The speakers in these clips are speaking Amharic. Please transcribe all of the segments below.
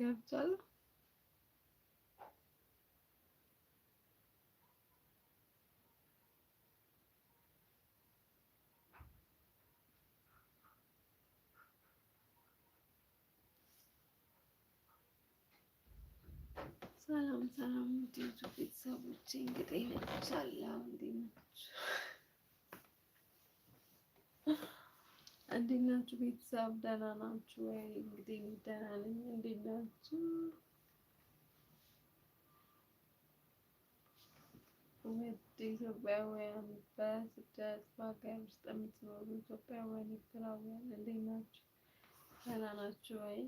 ጋብቻለሁ። ሰላም ሰላም፣ ቤተሰቦቼ እንግዲህ ነች እንዴት ናችሁ? እንዴት ናችሁ ቤተሰብ? ደህና ናችሁ ወይ? እንግዲህ ደህና ነኝ። እንዴት ናችሁ? ውድ ኢትዮጵያውያን በስደት በሀገር ውስጥ የምትኖሩ ኢትዮጵያውያን፣ ኤርትራውያን እንዴት ናችሁ? ደህና ናችሁ ወይ?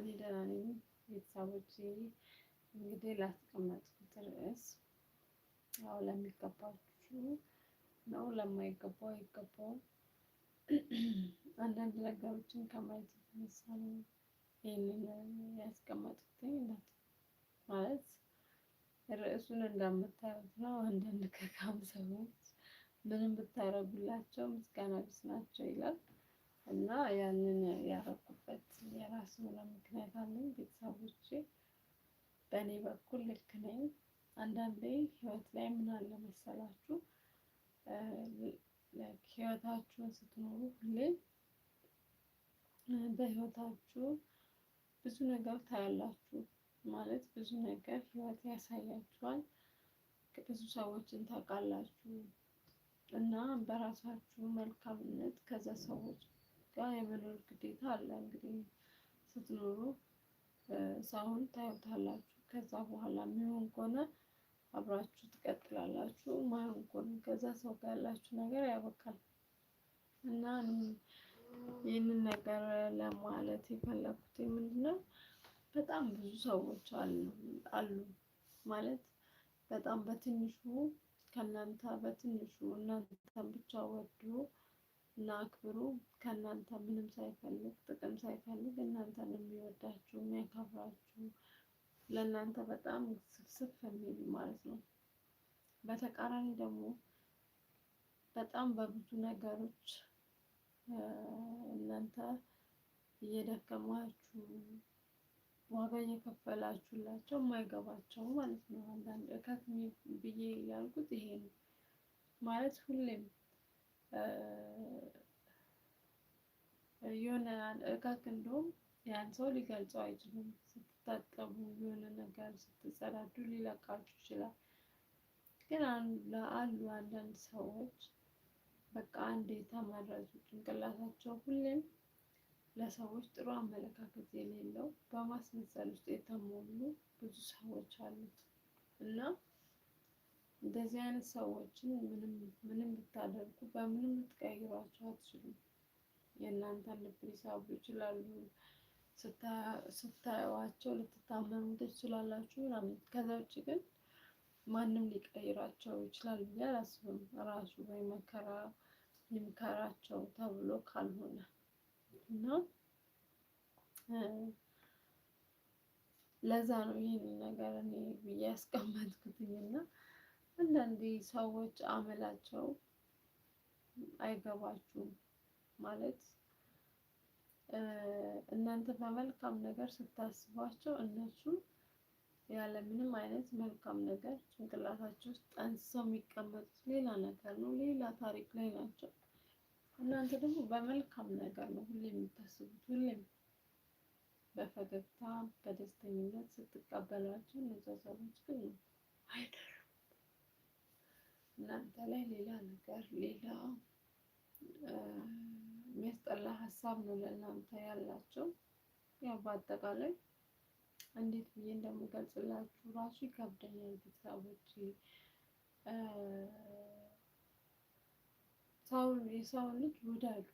እኔ ደህና ነኝ ቤተሰቦች። እንግዲህ ላስቀመጥኩት ርዕስ ያው ለሚገባችሁ ነው፣ ለማይገባው አይገባውም። አንዳንድ ነገሮችን ከማየት የተነሳ ነው ይህንን ያስቀመጥኩትኝ ማለት ርዕሱን እንዳምታዩት ነው። አንዳንድ ከካም ሰዎች ምንም ብታረጉላቸው ምስጋና ቢስ ናቸው ይላል እና ያንን ያረኩበት የራሱ የሆነ ምክንያት አለኝ። ቤተሰቦቼ በእኔ በኩል ልክ ነኝ። አንዳንዴ ህይወት ላይ ምን አለ መሰላችሁ ህይወታችሁን ስትኖሩ ሁሌ በህይወታችሁ ብዙ ነገር ታያላችሁ። ማለት ብዙ ነገር ህይወት ያሳያችኋል። ብዙ ሰዎችን ታውቃላችሁ እና በራሳችሁ መልካምነት ከዛ ሰዎች ጋር የመኖር ግዴታ አለ። እንግዲህ ስትኖሩ ሰውን ታዩታላችሁ። ከዛ በኋላ የሚሆን ከሆነ አብራችሁ ትቀጥላላችሁ። ማንኮን ከዛ ሰው ጋር ያላችሁ ነገር ያበቃል እና ይህንን ነገር ለማለት የፈለኩት ምንድነው፣ በጣም ብዙ ሰዎች አሉ ማለት በጣም በትንሹ ከእናንተ በትንሹ እናንተን ብቻ ወዱ እና አክብሩ። ከእናንተ ምንም ሳይፈልግ ጥቅም ሳይፈልግ እናንተን የሚወዳችሁ የሚያከብራችሁ ለእናንተ በጣም ስብስብ የሚል ማለት ነው። በተቃራኒ ደግሞ በጣም በብዙ ነገሮች እናንተ እየደከማችሁ ዋጋ እየከፈላችሁላቸው የማይገባቸው ማለት ነው። አንዳንድ እከት ብዬ ያልኩት ይሄ ነው ማለት ሁሌም የሆነ እከት እንደውም ያን ሰው ሊገልጸው አይችልም። ስትታጠቡ የሆነ ነገር ስትጸዳዱ ሊለቃችሁ ይችላል። ግን ለአሉ አንዳንድ ሰዎች በቃ አንድ የተመረዙ ጭንቅላታቸው ሁሌም ለሰዎች ጥሩ አመለካከት የሌለው በማስመሰል ውስጥ የተሞሉ ብዙ ሰዎች አሉ እና እንደዚህ አይነት ሰዎችን ምንም ብታደርጉ በምንም ልትቀይሯቸው አትችሉም። የእናንተን ልብ ሊሳቡ ይችላሉ። ስታዩዋቸው ልትታመኑ ትችላላችሁ ምናምን። ከዛ ውጭ ግን ማንም ሊቀይራቸው ይችላል ብዬ አላስብም። ራሱ መከራ ይምከራቸው ተብሎ ካልሆነ እና ለዛ ነው ይህን ነገር እኔ ብዬ ያስቀመጥኩትኝ እና አንዳንዴ ሰዎች አመላቸው አይገባችሁም ማለት እናንተ በመልካም ነገር ስታስቧቸው ያለ ያለምንም አይነት መልካም ነገር ጭንቅላታቸው ውስጥ ጠንስሰው የሚቀመጡት ሌላ ነገር ነው፣ ሌላ ታሪክ ላይ ናቸው። እናንተ ደግሞ በመልካም ነገር ነው ሁሌ የምታስቡት። ሁሌም በፈገግታ በደስተኝነት ስትቀበሏቸው፣ እነዛ ሰዎች ግን አይደለም እናንተ ላይ ሌላ ነገር ሌላ የሚያስጠላ ሀሳብ ነው ለእናንተ ያላቸው። ያው በአጠቃላይ እንዴት ብዬ እንደምገልጽላችሁ ራሱ ይከብደኛል ቤተሰቦች የሰውን ልጅ ውደዱ፣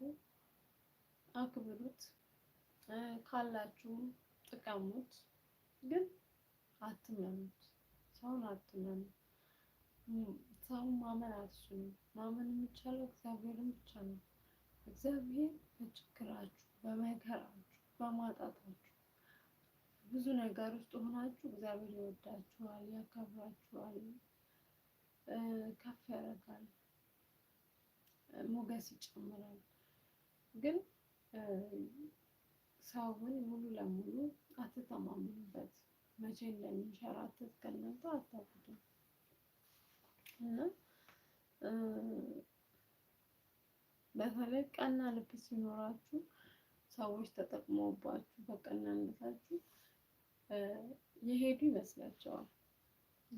አክብሩት፣ ካላችሁም ጥቀሙት፣ ግን አትመኑት። ሰውን አትመኑ። ሰውን ማመን አትችሉም። ማመን የሚቻለው እግዚአብሔርን ብቻ ነው። እግዚአብሔር በችግራችሁ፣ በመከራችሁ፣ በማጣታችሁ ብዙ ነገር ውስጥ ሆናችሁ እግዚአብሔር ይወዳችኋል፣ ያከብራችኋል፣ ከፍ ያደርጋል፣ ሞገስ ይጨምራል። ግን ሰውን ሙሉ ለሙሉ አትተማመኑበት። መቼ እንደሚንሸራተት ከእናንተ አታውቁትም እና በተለይ ቀና ልብ ሲኖራችሁ ሰዎች ተጠቅመውባችሁ በቀናነታችሁ የሄዱ ይመስላቸዋል።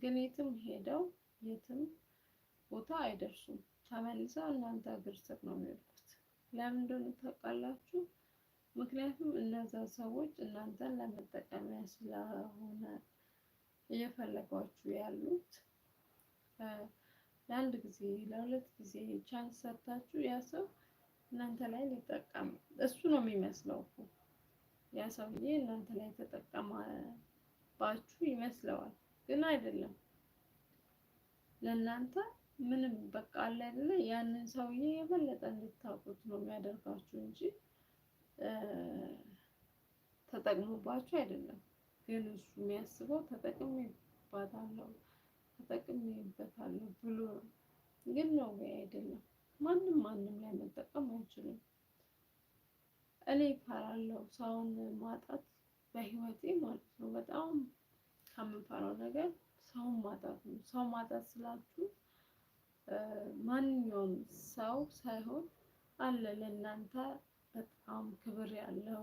ግን የትም ሄደው የትም ቦታ አይደርሱም። ተመልሰው እናንተ እግር ስር ነው የሚወድቁት። ለምን እንደሆነ ታውቃላችሁ? ምክንያቱም እነዛ ሰዎች እናንተን ለመጠቀሚያ ስለሆነ እየፈለጓችሁ ያሉት ለአንድ ጊዜ ለሁለት ጊዜ ቻንስ ሰጥታችሁ ያ ሰው እናንተ ላይ ሊጠቀም እሱ ነው የሚመስለው እኮ ያ ሰውዬ እናንተ ላይ ተጠቀመባችሁ ይመስለዋል፣ ግን አይደለም። ለእናንተ ምንም በቃ አለ አይደለ ያንን ሰውዬ የበለጠ እንድታውቁት ነው የሚያደርጋችሁ እንጂ ተጠቅሞባችሁ አይደለም። ግን እሱ የሚያስበው ተጠቅሜባታለሁ ተጠቅሜበታለሁ ብሎ ግን ነው ወይ አይደለም። ማንም ማንም ላይ መጠቀም አይችልም። እኔ እፈራለሁ ሰውን ማጣት በህይወቴ ማለት ነው። በጣም ከምንፈራው ነገር ሰውን ማጣት ነው። ሰው ማጣት ስላችሁ ማንኛውም ሰው ሳይሆን አለ ለእናንተ በጣም ክብር ያለው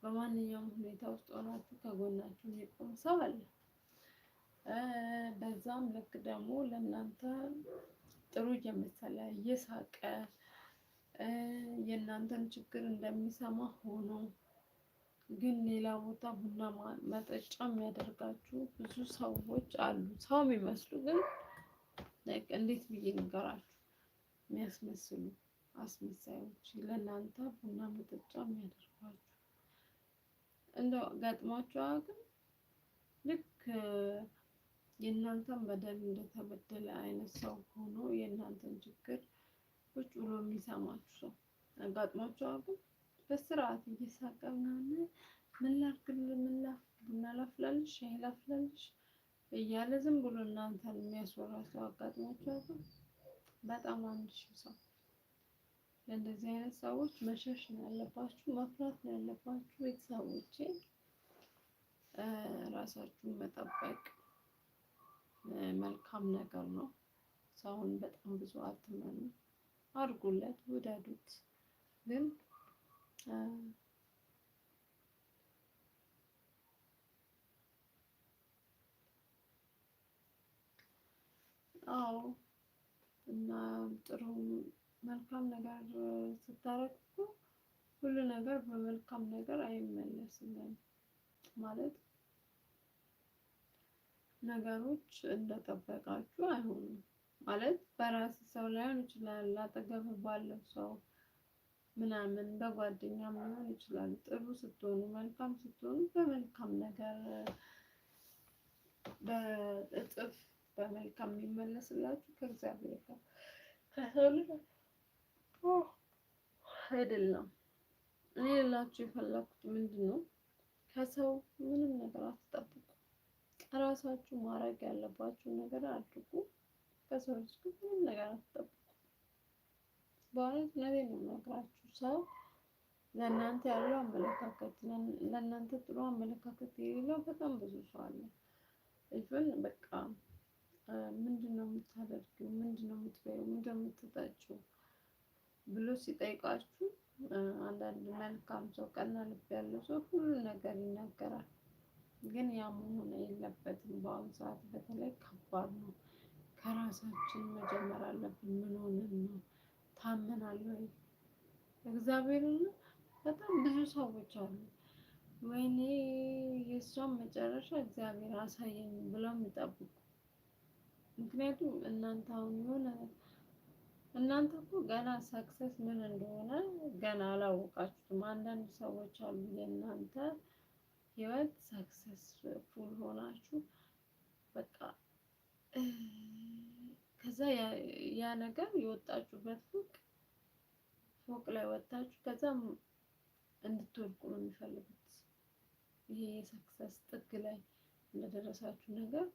በማንኛውም ሁኔታ ውስጥ ሆናችሁ ከጎናችሁ የሚቆም ሰው አለ። በዛም ልክ ደግሞ ለእናንተ ጥሩ እየመሰለ እየሳቀ የእናንተን ችግር እንደሚሰማ ሆኖ ግን ሌላ ቦታ ቡና መጠጫ የሚያደርጋችሁ ብዙ ሰዎች አሉ። ሰው የሚመስሉ ግን እንዴት ብዬ ንገራችሁ የሚያስመስሉ አስመሳዮች ለእናንተ ቡና መጠጫ የሚያደርጓችሁ እንደው ገጥሟችሁ ግን ልክ የእናንተን በደል እንደተበደለ አይነት ሰው ሆኖ የእናንተን ችግር ቁጭ ብሎ የሚሰማችሁ ሰው አጋጥሟቸው አሉ። በስርዓት እየሳቀ ምናምን ምን ላድርግልህ፣ ምን ቡና ላፍላልሽ፣ ሻይ ላፍላልሽ እያለ ዝም ብሎ እናንተን የሚያስወራ ሰው አጋጥሟቸው አሉ። በጣም አንድ ሺህ ሰው ለእንደዚህ አይነት ሰዎች መሸሽ ነው ያለባችሁ፣ መፍራት ነው ያለባችሁ። ቤተሰቦቼ ራሳችሁን መጠበቅ መልካም ነገር ነው። ሰውን በጣም ብዙ አትመኑ፣ አድርጉለት፣ ውደዱት። ግን አዎ እና ጥሩ መልካም ነገር ስታረግ ሁሉ ነገር በመልካም ነገር አይመለስም ማለት ነገሮች እንደጠበቃችሁ አይሆኑም። ማለት በራስ ሰው ላይሆን ይችላል፣ አጠገብ ባለው ሰው ምናምን፣ በጓደኛ ሊሆን ይችላል። ጥሩ ስትሆኑ፣ መልካም ስትሆኑ በመልካም ነገር በእጥፍ በመልካም የሚመለስላችሁ ከእግዚአብሔር ጋር ከሰው ልጅ አይደለም። እኔ ሌላችሁ የፈለኩት ምንድን ነው፣ ከሰው ምንም ነገር አትጠብቁ። እራሳችሁ ማድረግ ያለባችሁን ነገር አድርጉ። ከሰው ልጅ ግን ምንም ነገር አትጠብቁ። በእውነት ነው የምነግራችሁ። ሰው ለእናንተ ያለው አመለካከት ለእናንተ ጥሩ አመለካከት የሌለው በጣም ብዙ ሰው አለ። ኢቭን በቃ ምንድን ነው የምታደርጊው? ምንድን ነው የምትበይው? ምንድን ነው የምትጠጪው? ብሎ ሲጠይቃችሁ አንዳንድ መልካም ሰው፣ ቀና ልብ ያለው ሰው ሁሉ ነገር ይናገራል። ግን ያ መሆን የለበትም። በአሁኑ ሰዓት በተለይ ከባድ ነው። ከራሳችን መጀመር አለብን። ምን ሆነን ነው? ታመናል ወይ? እግዚአብሔርን በጣም ብዙ ሰዎች አሉ ወይኔ የእሷን መጨረሻ እግዚአብሔር አሳየኝ ብለው የሚጠብቁ ምክንያቱም እናንተ አሁን የሆነ እናንተ እኮ ገና ሰክሰስ ምን እንደሆነ ገና አላወቃችሁም። አንዳንድ ሰዎች አሉ የእናንተ ህይወት ሳክሰስፉል ሆናችሁ በቃ ከዛ ያ ነገር የወጣችሁበት ፎቅ ፎቅ ላይ ወጣችሁ ከዛ እንድትወድቁ ነው የሚፈልጉት። ይሄ የሰክሰስ ጥግ ላይ እንደደረሳችሁ ነገር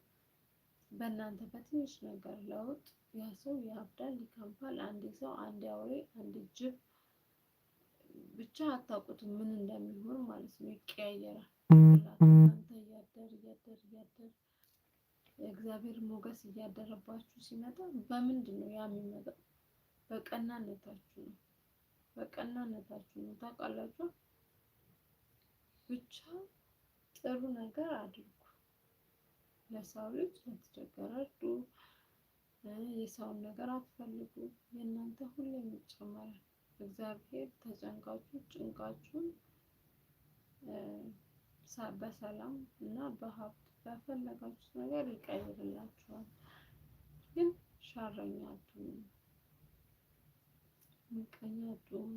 በእናንተ በትንሽ ነገር ለውጥ ያ ሰው ያብዳል፣ ይካምፓል። አንድ ሰው አንድ አውሬ፣ አንድ ጅብ ብቻ አታውቁትም ምን እንደሚሆን ማለት ነው። ይቀያየራል። እናንተ እያደር እያደር እያደር የእግዚአብሔር ሞገስ እያደረባችሁ ሲመጣ በምንድን ነው ያ የሚመጣው? በቀናነታችሁ ነው። በቀናነታችሁ ነው። ታውቃላችሁ። ብቻ ጥሩ ነገር አድርጉ። ለሰው ልጅ ለተቸገረ እርዱ። የሰውን ነገር አትፈልጉ። የእናንተ ሁሌም ይጨመራል። እግዚአብሔር ተጨንቃችሁ ጭንቃችሁን በሰላም እና በሀብት በፈለጋችሁት ነገር ይቀይርላችኋል። ግን ሻረኛ አትሁኑ፣ ምቀኛ አትሁኑ።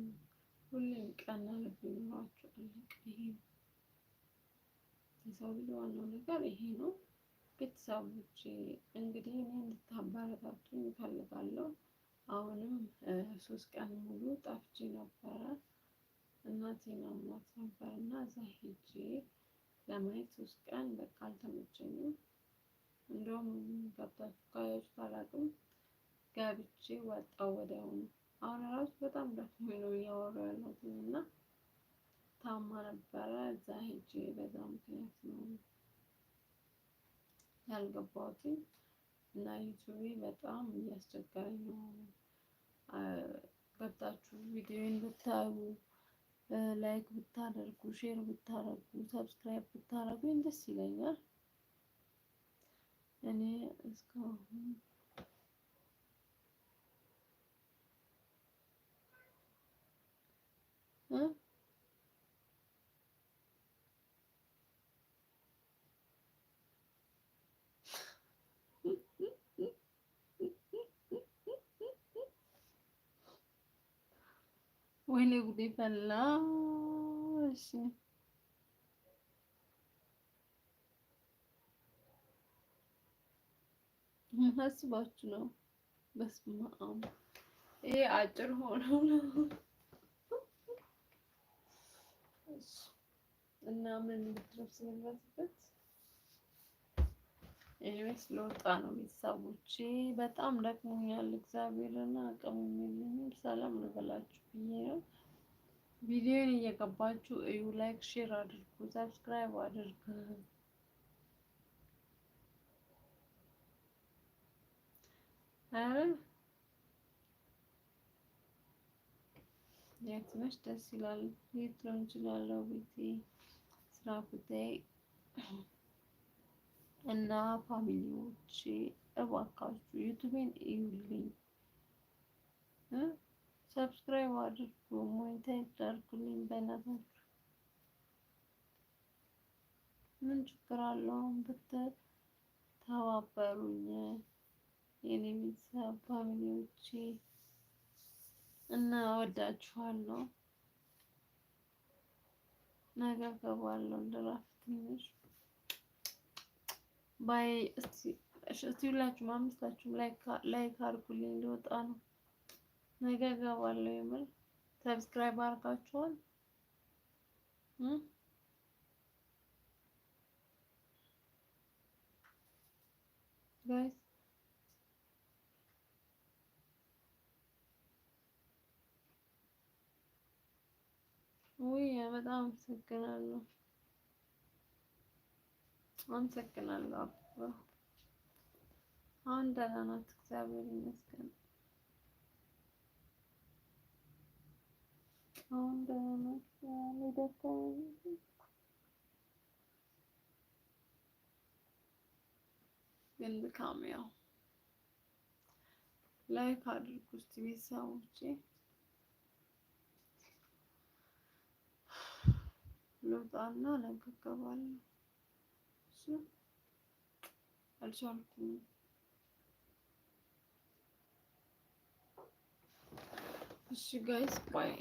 ሁሌም ቀና ልብ ይኖራችሁ። ይሄ የሰው ልጅ ዋናው ነገር ይሄ ነው። ቤተሰቦች እንግዲህ እኔ እንድታበረታቱኝ እፈልጋለሁ። አሁንም ሶስት ቀን ሙሉ ጠፍቼ ነበረ። እናቴን አሟት ነበር እና እዛ ሄጄ ለማየት ሶስት ቀን በቃ አልተመቸኝም። እንደውም ገብታችሁ ካያችሁ አላውቅም። ገብቼ ወጣሁ ወዲያውኑ። አሁን ራሱ በጣም ደክሞኝ ነው እያወራሁ ያለሁት እና ታማ ነበረ እዛ ሄጄ በዛ ምክንያት ነው ያልገባሁት እና ዩቱቤ በጣም እያስቸገረኝ ነው። ገብታችሁ ቪዲዮን ብታዩ ላይክ ብታደርጉ ሼር ብታደርጉ ሰብስክራይብ ብታደርጉ ደስ ይለኛል። እኔ እስካሁን እ ወይኔ ጉዴ ፈላ። እሺ ምን አስባችሁ ነው? በስመ አብ ይሄ አጭር ሆኖ ነው እና ምን ብትለብስ ነው ኤልቤስ ለወጣ ነው። ቤተሰቦቼ በጣም ደክሞኛል። እግዚአብሔርና አቅሙ የለኝም ሰላም ልበላችሁ ብዬ ነው። ቪዲዮን እየገባችሁ እዩ፣ ላይክ፣ ሼር አድርጉ፣ ሰብስክራይብ አድርጉ። ነሽ? ደስ ይላል። የት ነው እንችላለው? ቤቴ ስራ ጉዳይ እና ፋሚሊዎች እባካችሁ ዩቱቤን እዩልኝ፣ ሰብስክራይብ አድርጉ፣ ሞኒታይዝ አድርጉልኝ። በእናታችሁ ምን ችግር አለው ብትተባበሩኝ የኔ ቤተሰብ ፋሚሊዎች እና ወዳችኋለሁ። ነገ ገባለሁ ልረፍ ትንሽ ባይ እስቲ ሁላችሁም አምስታችሁም ላይክ አድርጉልኝ፣ ሊወጣ ነው። ነገ እገባለሁ። የምር ሰብስክራይብ አድርጋችኋል። ጋይስ ውይ በጣም አመሰግናለሁ። አመሰግናለሁ። አሁን ደህና ናት፣ እግዚአብሔር ይመስገን። አሁን ደህና ናት። ግን ድካም ያው ላይክ አድርጉ እስቲ ቤተሰቦቼ። ልውጣና ላይክ እገባለሁ። አልቻልኩም። እሺ ጋይስ ባይ